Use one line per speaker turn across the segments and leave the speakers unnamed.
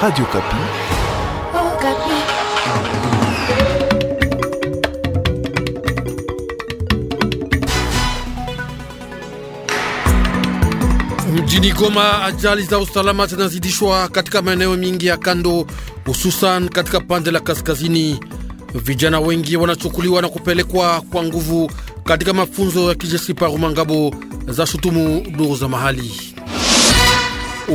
Radio Kapi.
Oh, Kapi.
Mjini Goma ajali za usalama zinazidishwa katika maeneo mingi ya kando, hususan katika pande la kaskazini. Vijana wengi wanachukuliwa na kupelekwa kwa nguvu katika mafunzo ya kijeshi Parumangabo, za shutumu duru za mahali.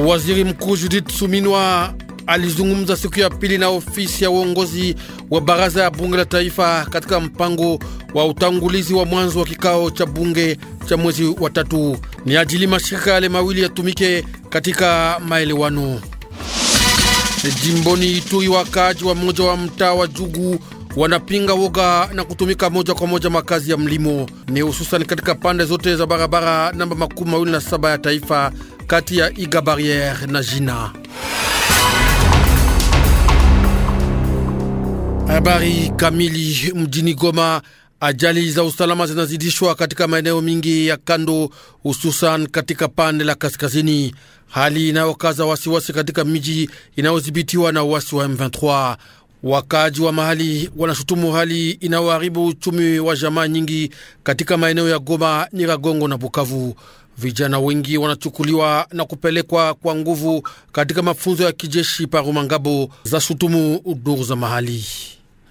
Waziri Mkuu Judith Suminwa alizungumza siku ya pili na ofisi ya uongozi wa baraza ya bunge la taifa katika mpango wa utangulizi wa mwanzo wa kikao cha bunge cha mwezi wa tatu, ni ajili mashirika yale mawili yatumike katika maelewano. Jimboni Ituri, wakaaji wa mmoja wa mtaa wa Jugu wanapinga woga na kutumika moja kwa moja makazi ya mlimo, ni hususani katika pande zote za barabara namba makumi mawili na saba ya taifa kati ya Iga Barriere na Jina. Habari kamili mjini Goma. Ajali za usalama zinazidishwa katika maeneo mingi ya kando, hususan katika pande la kaskazini, hali inayokaza wasiwasi katika miji inayodhibitiwa na uasi wa M23. Wakaaji wa mahali wanashutumu hali inayoharibu uchumi wa jamaa nyingi katika maeneo ya Goma, Nyiragongo na Bukavu. Vijana wengi wanachukuliwa na kupelekwa kwa nguvu katika mafunzo ya kijeshi pa Rumangabo, za shutumu duru za mahali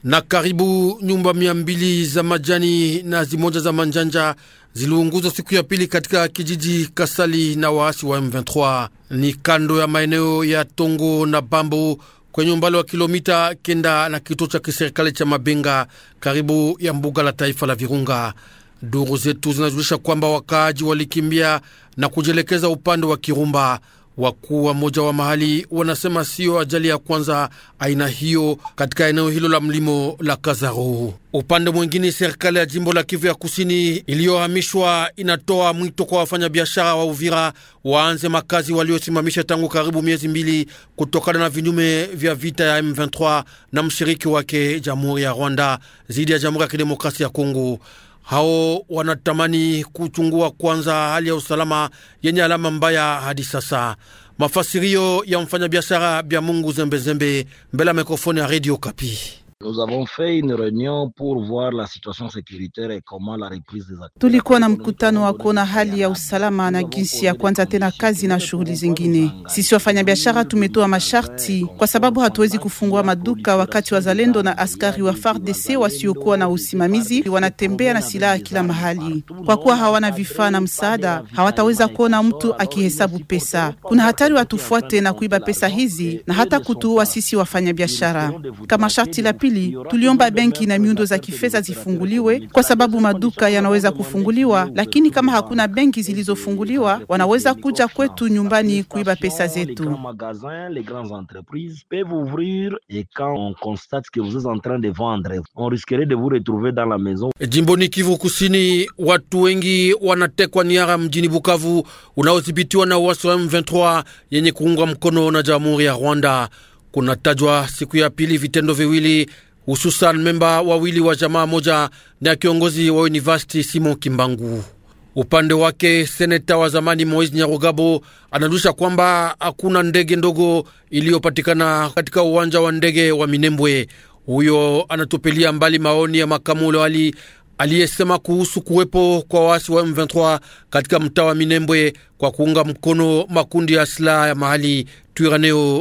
na karibu nyumba mia mbili za majani na zimoja za manjanja ziliunguzwa siku ya pili katika kijiji Kasali na waasi wa M23 ni kando ya maeneo ya Tongo na Bambo kwenye umbali wa kilomita kenda na kituo cha kiserikali cha Mabenga karibu ya mbuga la taifa la Virunga. Duru zetu zinajulisha kwamba wakaaji walikimbia na kujielekeza upande wa Kirumba. Wakuu wa moja wa mahali wanasema siyo ajali ya kwanza aina hiyo katika eneo hilo la mlimo la Kazaru. Upande mwingine, serikali ya jimbo la Kivu ya kusini iliyohamishwa inatoa mwito kwa wafanyabiashara wa Uvira waanze makazi waliosimamisha tangu karibu miezi mbili kutokana na vinyume vya vita ya M23 na mshiriki wake Jamhuri ya Rwanda dhidi ya Jamhuri ya Kidemokrasia ya Kongo. Hao wanatamani kuchungua kwanza hali ya usalama yenye alama mbaya hadi sasa. Mafasirio ya mfanyabiashara Bya Mungu Zembezembe mbele ya mikrofoni ya Radio Kapi.
Nous avons fait une réunion pour voir la situation sécuritaire et comment la reprise des activités. Tulikuwa na mkutano wa kuona hali ya usalama na jinsi ya kuanza tena kazi na shughuli zingine. Sisi wafanyabiashara tumetoa masharti kwa sababu hatuwezi kufungua maduka wakati wazalendo na askari wa FARDC wasiokuwa na usimamizi wanatembea na silaha kila mahali. Kwa kuwa hawana vifaa na msaada, hawataweza kuona mtu akihesabu pesa. Kuna hatari watufuate na kuiba pesa hizi na hata kutuua sisi wafanyabiashara. Kama sharti la pili pili tuliomba benki na miundo za kifedha zifunguliwe, kwa sababu maduka yanaweza kufunguliwa, lakini kama hakuna benki zilizofunguliwa, wanaweza kuja kwetu nyumbani kuiba pesa zetu. E, Jimboni Kivu Kusini, watu wengi
wanatekwa niara mjini Bukavu unaodhibitiwa na waasi wa M23 yenye kuungwa mkono na Jamhuri ya Rwanda kunatajwa siku ya pili vitendo viwili, hususan memba wawili wa jamaa moja na kiongozi wa university Simon Kimbangu. Upande wake seneta wa zamani Moise Nyarugabo anadusha kwamba hakuna ndege ndogo iliyopatikana katika uwanja wa ndege wa Minembwe. Huyo anatupilia mbali maoni ya makamu lwali aliyesema kuhusu kuwepo kwa waasi wa M23 katika mtaa wa Minembwe kwa kuunga mkono makundi ya silaha ya mahali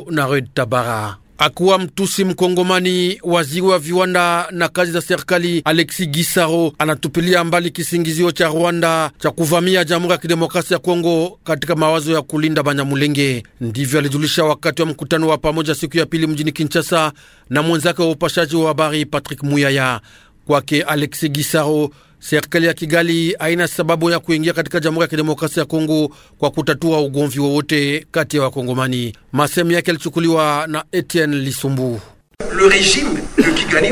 na red Tabara akuwa mtusi mkongomani waziri wa viwanda na kazi za serikali Alexi Gisaro anatupilia mbali kisingizio cha Rwanda cha kuvamia Jamhuri ya Kidemokrasia ya Kongo katika mawazo ya kulinda Banyamulenge. Ndivyo alijulisha wakati wa mkutano wa pamoja siku ya pili mjini Kinshasa na mwenzake wa upashaji wa habari Patrick Muyaya. Kwake Alexi Gisaro serikali ya Kigali haina sababu ya kuingia katika Jamhuri ya Kidemokrasia ya Kongo kwa kutatua ugomvi wowote kati ya Wakongomani. Masemu yake yalichukuliwa na Etienne Lisumbu.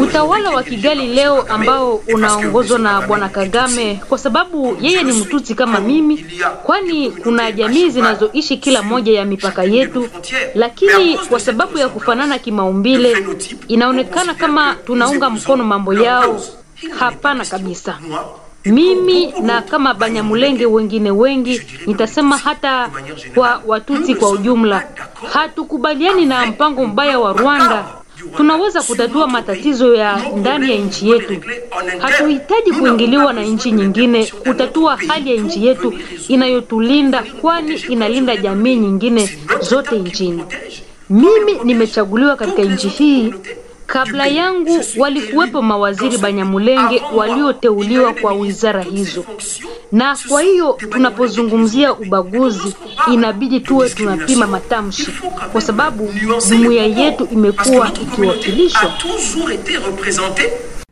Utawala wa Kigali leo ambao unaongozwa na bwana Kagame, kwa sababu yeye ni mtuti kama mimi, kwani kuna jamii zinazoishi kila moja ya mipaka yetu, lakini kwa sababu ya kufanana kimaumbile, inaonekana kama tunaunga mkono mambo yao Hapana kabisa. Mimi na kama Banyamulenge wengine wengi, nitasema hata kwa watuti kwa ujumla, hatukubaliani na mpango mbaya wa Rwanda. Tunaweza kutatua matatizo ya ndani ya nchi yetu. Hatuhitaji kuingiliwa na nchi nyingine kutatua hali ya nchi yetu inayotulinda, kwani inalinda jamii nyingine zote nchini. Mimi nimechaguliwa katika nchi hii Kabla yangu walikuwepo mawaziri Banyamulenge walioteuliwa kwa wizara hizo, na kwa hiyo tunapozungumzia ubaguzi inabidi tuwe tunapima matamshi, kwa sababu jumuiya yetu imekuwa ikiwakilishwa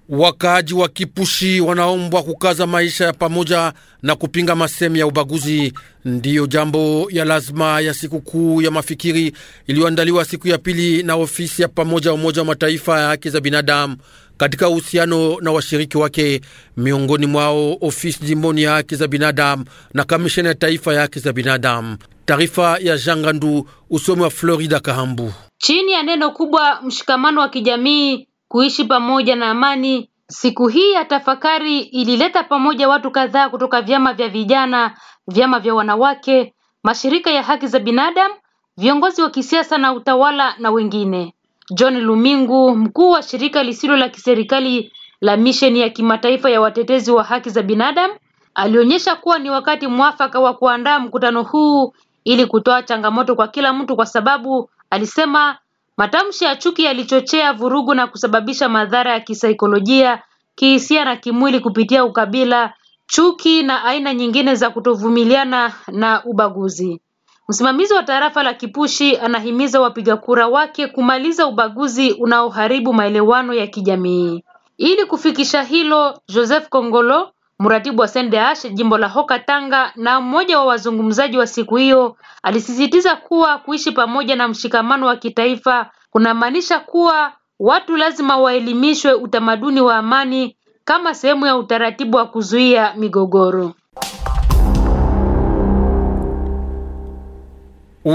Wakaaji wa Kipushi wanaombwa kukaza maisha ya pamoja na kupinga masemi ya ubaguzi, ndiyo jambo ya lazima ya sikukuu ya mafikiri iliyoandaliwa siku ya pili na ofisi ya pamoja Umoja wa Mataifa ya haki za binadamu katika uhusiano na washiriki wake, miongoni mwao ofisi jimboni ya haki za binadamu na kamisheni ya taifa ya haki za binadamu. Taarifa ya Jangandu, usomi wa Florida Kahambu.
Chini ya neno kubwa mshikamano wa kijamii, kuishi pamoja na amani. Siku hii ya tafakari ilileta pamoja watu kadhaa kutoka vyama vya vijana, vyama vya wanawake, mashirika ya haki za binadamu, viongozi wa kisiasa na utawala na wengine. John Lumingu, mkuu wa shirika lisilo la kiserikali la misheni ya kimataifa ya watetezi wa haki za binadamu, alionyesha kuwa ni wakati mwafaka wa kuandaa mkutano huu ili kutoa changamoto kwa kila mtu, kwa sababu alisema Matamshi ya chuki yalichochea vurugu na kusababisha madhara ya kisaikolojia, kihisia na kimwili kupitia ukabila, chuki na aina nyingine za kutovumiliana na ubaguzi. Msimamizi wa tarafa la Kipushi anahimiza wapiga kura wake kumaliza ubaguzi unaoharibu maelewano ya kijamii. Ili kufikisha hilo, Joseph Kongolo Mratibu wa SENDEASH jimbo la Hoka Tanga na mmoja wa wazungumzaji wa siku hiyo alisisitiza kuwa kuishi pamoja na mshikamano wa kitaifa kunamaanisha kuwa watu lazima waelimishwe utamaduni wa amani kama sehemu ya utaratibu wa kuzuia migogoro.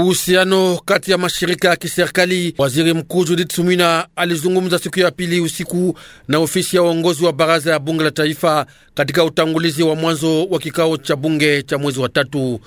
uhusiano kati ya mashirika ya kiserikali. Waziri Mkuu Judith sumina alizungumza siku ya pili usiku na ofisi ya uongozi wa baraza ya bunge la taifa katika utangulizi wa mwanzo wa kikao cha bunge cha mwezi wa tatu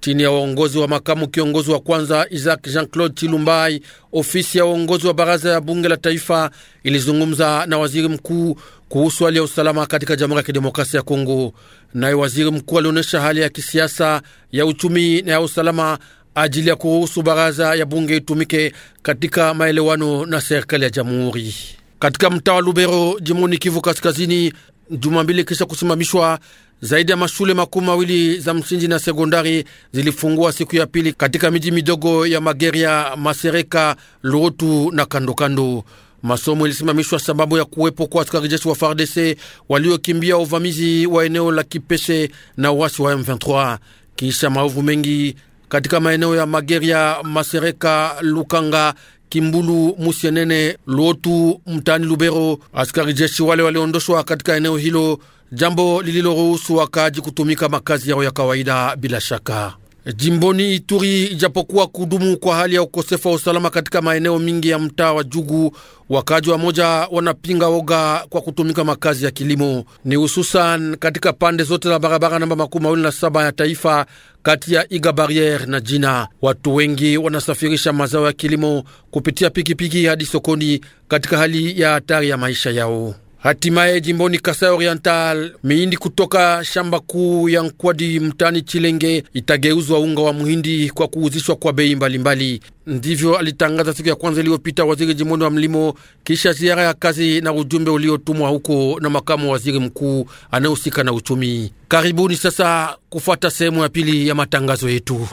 chini ya uongozi wa makamu kiongozi wa kwanza Isaac Jean-Claude Chilumbai, ofisi ya uongozi wa baraza ya bunge la taifa ilizungumza na waziri mkuu kuhusu hali ya usalama katika Jamhuri ya Kidemokrasia ya Kongo. Naye waziri mkuu alionyesha hali ya kisiasa, ya uchumi na ya usalama ajili ya kuruhusu baraza ya bunge itumike katika maelewano na serikali ya jamhuri. Katika mtaa wa Lubero, jimboni Kivu Kaskazini, juma mbili kisha kusimamishwa zaidi ya mashule makumi mawili za msingi na sekondari zilifungua siku ya pili katika miji midogo ya Mageria, Masereka, Luotu na kandokando. Masomo ilisimamishwa sababu ya kuwepo kwa askari jeshi wa FARDC waliokimbia uvamizi wa eneo la Kipese na uasi wa M23 kisha maovu mengi katika maeneo ya Mageria, Masereka, Lukanga, Kimbulu, Musienene, Luotu mtani Lubero. Askari jeshi wale waliondoshwa katika eneo hilo, jambo lililoruhusu wakaji kutumika makazi yao ya kawaida bila shaka. Jimboni Ituri, ijapokuwa kudumu kwa hali ya ukosefu wa usalama katika maeneo mingi ya mtaa wa Jugu, wakaji wa moja wanapinga woga kwa kutumika makazi ya kilimo, ni hususan katika pande zote za barabara namba makumi mawili na saba ya taifa kati ya Iga Barriere na Jina. Watu wengi wanasafirisha mazao ya kilimo kupitia pikipiki hadi sokoni katika hali ya hatari ya maisha yao. Hatimaye jimboni Kasai Oriental, mihindi kutoka shamba kuu ya Nkwadi mtani Chilenge itageuzwa unga wa muhindi kwa kuuzishwa kwa bei mbalimbali. Ndivyo alitangaza siku ya kwanza iliyopita waziri jimboni wa mlimo, kisha ziara ya kazi na ujumbe uliotumwa huko na makamu waziri mkuu anayehusika na uchumi. Karibuni sasa kufuata sehemu ya pili ya matangazo yetu.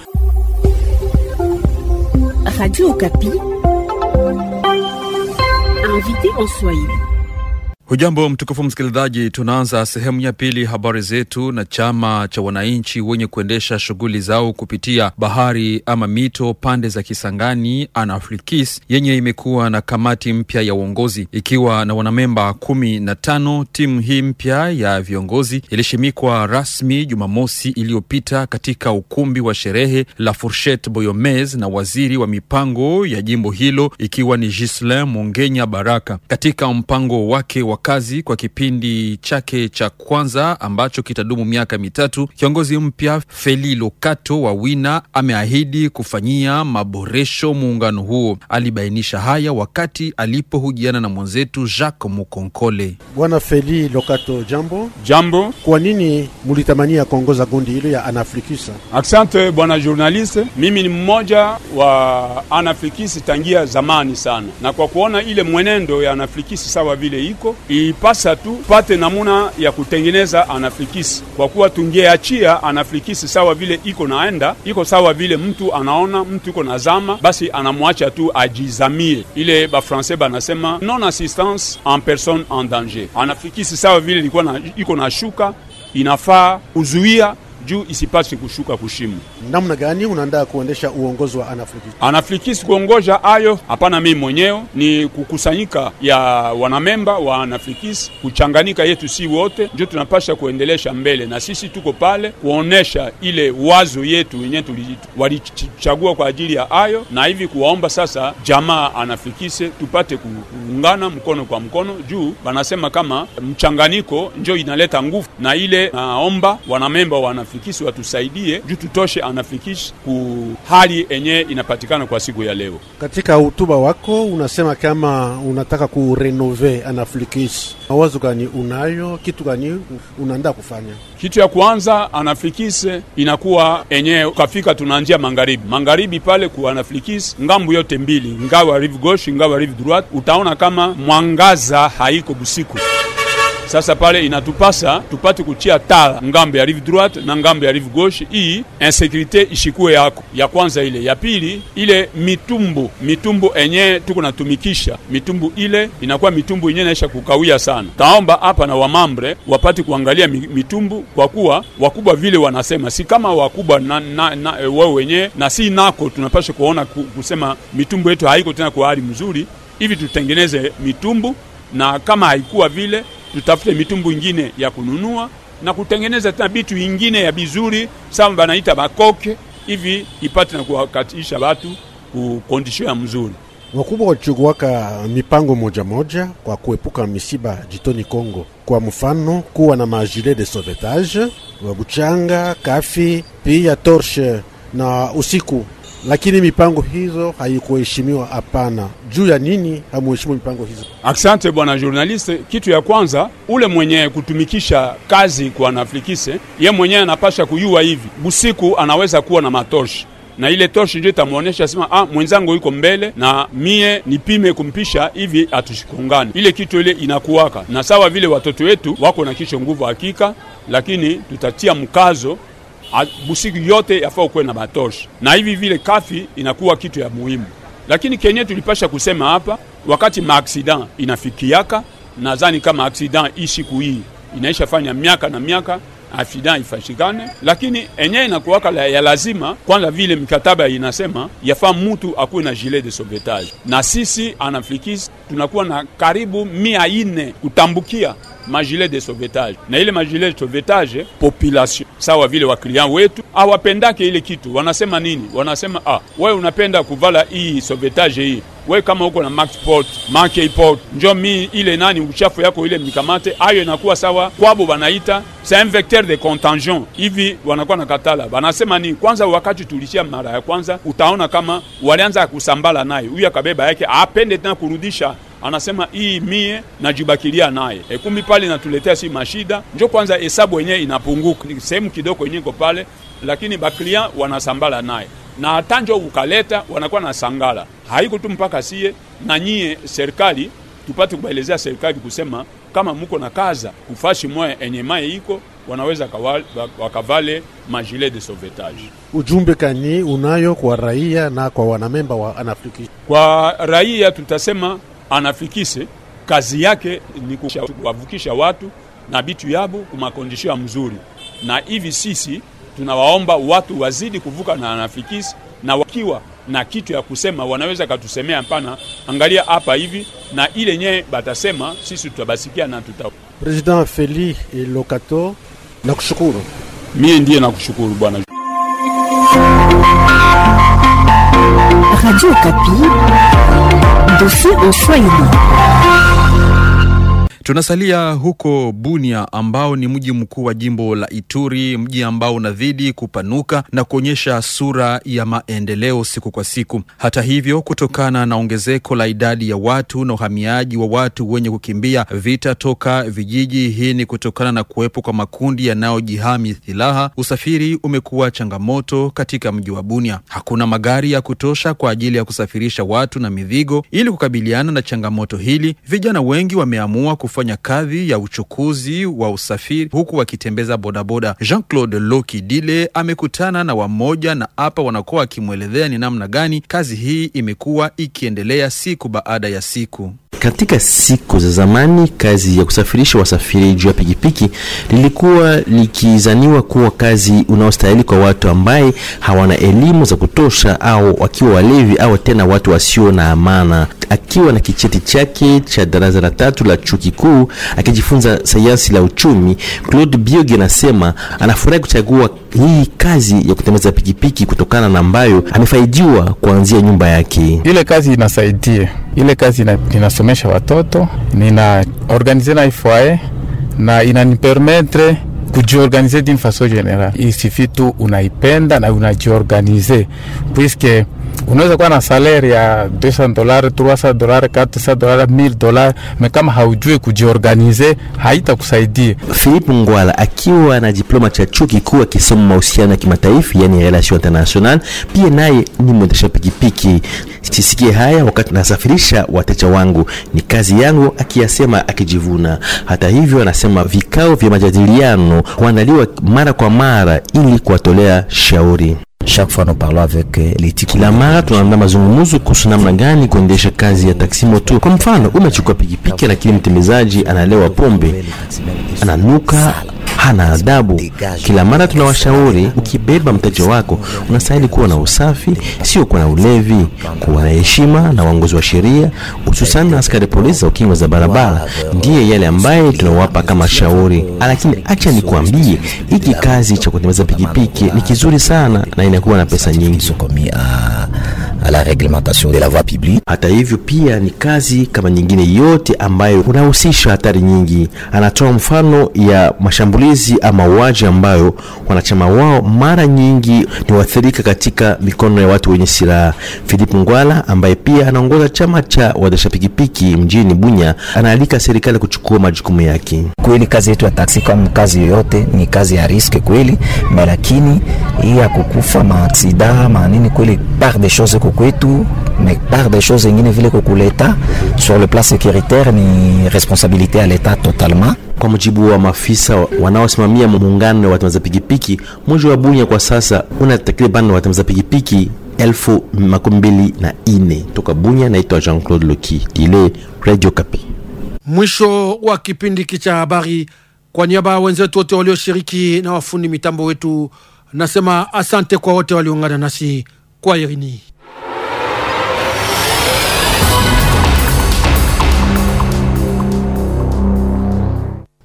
Radio
Okapi, invité en Swahili.
Hujambo mtukufu msikilizaji, tunaanza sehemu ya pili habari zetu. Na chama cha wananchi wenye kuendesha shughuli zao kupitia bahari ama mito pande za Kisangani, Anafrikis, yenye imekuwa na kamati mpya ya uongozi ikiwa na wanamemba kumi na tano. Timu hii mpya ya viongozi ilishimikwa rasmi Jumamosi iliyopita katika ukumbi wa sherehe la furshet Boyomez na waziri wa mipango ya jimbo hilo ikiwa ni Gislin Mongenya Baraka katika mpango wake wa kazi kwa kipindi chake cha kwanza ambacho kitadumu miaka mitatu. Kiongozi mpya Feli Lokato wa Wina ameahidi kufanyia maboresho muungano huo. Alibainisha haya wakati alipohujiana na mwenzetu Jacques Mukonkole.
Bwana Feli Lokato, jambo. Jambo. Kwa nini mulitamania kuongoza gundi hilo ya Anafrikisa?
Asante bwana journaliste, mimi ni mmoja wa Anafrikisi tangia zamani sana, na kwa kuona ile mwenendo ya Anafrikisi sawa vile iko ipasa tu pate namuna ya kutengeneza anaflikisi, kwa kuwa tungeachia anaflikisi sawa vile iko naenda, iko sawa vile mtu anaona mtu iko na zama, basi anamwacha tu ajizamie. Ile bafrancais banasema non assistance en personne en danger. Anaflikisi sawa vile iko na shuka, inafaa kuzuia juu isipaswe kushuka kushimu.
Namna gani unaandaa kuendesha uongozi wa Anafrikis?
Anafrikis kuongoza hayo hapana, mimi mwenyewe ni kukusanyika ya wanamemba wa Anafrikis, kuchanganika yetu si wote, ndio tunapasha kuendelesha mbele, na sisi tuko pale kuonesha ile wazo yetu yenye walichagua kwa ajili ya hayo, na hivi kuwaomba sasa jamaa Anafikise tupate kuungana mkono kwa mkono, juu banasema kama mchanganiko njo inaleta nguvu, na ile naomba wanamemba wa wanafikisi watusaidie juu tutoshe anafikishi ku hali enye inapatikana kwa siku ya leo.
Katika utuba wako unasema kama unataka kurenove anafikishi, mawazo gani unayo? Kitu gani unaenda kufanya?
Kitu ya kwanza anafikise inakuwa enye kafika, tunaanzia magharibi, magharibi pale ku anafikisi ngambu yote mbili, ngawa rive gauche, ngawa rive droite, utaona kama mwangaza haiko busiku sasa pale inatupasa tupate kuchia tala ngambo ya rive droite na ngambo ya rive gauche, iyi insekurite ishikue yako ya kwanza. Ile ya pili, ile mitumbu mitumbu enye tuko natumikisha mitumbu ile inakuwa mitumbu yenye naisha kukawia sana. Taomba hapa na wamambre wapate kuangalia mitumbu, kwa kuwa wakubwa vile wanasema si kama wakubwa na, na, na, e, wao wenye na si nako, tunapasha kuona kusema mitumbu yetu haiko tena kwa hali mzuri hivi, tutengeneze mitumbu na kama haikuwa vile tutafute mitumbu ingine ya kununua na kutengeneza tena bitu ingine ya bizuri sama banaita bakoke hivi ipate na kuwakatisha batu kukondisho ya mzuri.
Wakubwa wachuguwaka mipango moja moja kwa kuepuka misiba jitoni Kongo, kwa mfano kuwa na majile de sauvetage wa buchanga, kafi pia torshe na usiku lakini mipango hizo haikuheshimiwa. Hapana, juu ya nini hamuheshimu mipango hizo?
Aksante bwana journaliste. Kitu ya kwanza, ule mwenye kutumikisha kazi kwa Naflikise, ye mwenyewe anapasha kuyua hivi, busiku anaweza kuwa na matoshi na ile toshi ndio itamwonyesha sema, ah, mwenzangu yuko mbele na mie nipime kumpisha hivi atushikungane. Ile kitu ile inakuwaka na sawa vile watoto wetu wako na kisho nguvu hakika, lakini tutatia mkazo busiku yote yafaa ukuwe na batoshe na hivi vile kafi inakuwa kitu ya muhimu. Lakini kenye tulipasha kusema hapa, wakati maaksida inafikiaka, nadhani kama aksidan hii siku hii inaisha fanya miaka na miaka afida ifashikane, lakini enye inakuwaka la ya lazima kwanza, vile mikataba inasema yafaa mutu akuwe na gilet de sauvetage, na sisi anafikisi tunakuwa na karibu mia ine kutambukia majile de sovetage, na ile majile de sovetage population sawa vile wa wakilian wetu hawapendake ile kitu. Wanasema nini? Wanasema ah, wewe unapenda kuvala hii sovetage hii we kama uko na maxport makport njo mi ile nani uchafu yako ile mikamate ayo inakuwa sawa kwabo, banaita c'est un vecteur de contagion. Hivi wanakuwa na katala, banasema ni kwanza, wakati tulishia mara ya kwanza, utaona kama walianza kusambala naye, huyu akabeba yake apende tena kurudisha anasema hii mie najibakilia naye. E, kumbi pale natuletea si mashida, njo kwanza hesabu yenye inapunguka sehemu kidogo yenyeko pale, lakini baklia wanasambala naye na atanjo ukaleta wanakuwa na sangala haiko tu mpaka sie na nyie serikali tupate kubaelezea serikali kusema kama muko na kaza kufashi moya enye maye iko wanaweza kawale, wakavale majile de sauvetage.
Ujumbe kani unayo kwa raia na kwa wanamemba wa Anafriki?
Kwa raia tutasema anafikise kazi yake ni kuwavukisha watu na bitu yabo kumakondisho ya mzuri, na hivi sisi tunawaomba watu wazidi kuvuka na anafikisi, na wakiwa na kitu ya kusema wanaweza katusemea, mpana angalia hapa hivi na ile nye batasema, sisi tutabasikia na tuta.
President Feli Lokato, nakushukuru.
Mie ndiye nakushukuru bwana.
Radio Kapi. o Ushuaína. Tunasalia huko Bunia ambao ni mji mkuu wa jimbo la Ituri, mji ambao unazidi kupanuka na kuonyesha sura ya maendeleo siku kwa siku. Hata hivyo, kutokana na ongezeko la idadi ya watu na uhamiaji wa watu wenye kukimbia vita toka vijiji, hii ni kutokana na kuwepo kwa makundi yanayojihami silaha, usafiri umekuwa changamoto katika mji wa Bunia. Hakuna magari ya kutosha kwa ajili ya kusafirisha watu na mizigo. Ili kukabiliana na changamoto hili, vijana wengi wameamua kufanya kazi ya uchukuzi wa usafiri huku wakitembeza bodaboda. Jean Claude Loki Dile amekutana na wamoja na hapa wanakuwa wakimwelezea ni namna gani kazi hii imekuwa ikiendelea siku baada ya siku.
Katika siku za zamani kazi ya kusafirisha wasafiri juu ya pikipiki lilikuwa likizaniwa kuwa kazi unaostahili kwa watu ambaye hawana elimu za kutosha au wakiwa walevi au tena watu wasio na amana akiwa na kicheti chake cha darasa la tatu la chuo kikuu akijifunza sayansi la uchumi. Claude Biogi anasema anafurahi kuchagua hii kazi ya kutembeza pikipiki kutokana na ambayo amefaidiwa kuanzia nyumba yake. Ile kazi
inasaidia, ile kazi inasomesha watoto, organize na ifae na inanipermetre kujiorganize d'une façon générale. Isifi unaipenda na unajiorganize puisque unaweza kuwa na salary ya 200 dolari 300 dolari 400 dolari 1000 dolari me kama haujui kujiorganize haitakusaidia. Philip
Ngwala akiwa na diploma cha chuo kikuu akisoma mahusiano ya kimataifa, yani relation international, pia naye ni mwendesha pikipiki. Sisikie haya wakati nasafirisha wateja wangu, ni kazi yangu, akiyasema akijivuna. Hata hivyo, anasema vikao vya majadiliano huandaliwa mara kwa mara ili kuwatolea shauri. Chaque fois nous parlons avec euh, Leti. Kila mara tunaandaa mazungumzo kuhusu namna gani kuendesha kazi ya taksimoto. Kwa mfano, umechukua pikipiki, lakini mtemezaji analewa pombe, ananuka hana adabu. Kila mara tunawashauri, ukibeba mteja wako unastahili kuwa na usafi, sio kuwa na ulevi, kuwa na heshima na uongozi wa sheria, hususan na askari polisi za ukingo za barabara, ndiye yale ambaye tunawapa kama shauri. Lakini acha nikuambie, hiki kazi cha kutembeza pikipiki ni kizuri sana na inakuwa na pesa nyingi. Hata hivyo, pia ni kazi kama nyingine yote ambayo unahusisha hatari nyingi. Anatoa mfano ya mashambulio mashambulizi ama mauaji ambayo wanachama wao mara nyingi ni waathirika katika mikono ya watu wenye silaha. Philip Ngwala ambaye pia anaongoza chama cha waendesha pikipiki mjini Bunya anaalika serikali kuchukua majukumu yake. Kweli kazi yetu ya taksi kama kazi yoyote ni kazi ya riski kweli, lakini hii ya kukufa maaksida manini kweli par des choses kukwetu mais par des choses ingine vile kokuleta sur le plan securitaire ni responsabilité ya l'etat totalement kwa mujibu wa maafisa wanaosimamia muungano wa watembezaji pikipiki, mji wa Bunya kwa sasa una takriban watembezaji pikipiki elfu makumi mbili na ine toka Bunya. Naitwa Jean Claude Loki Dile, Radio Kapi.
Mwisho wa kipindi hiki cha habari, kwa niaba ya wenzetu wote walioshiriki na wafundi mitambo wetu, nasema asante kwa wote waliungana nasi kwa Irini.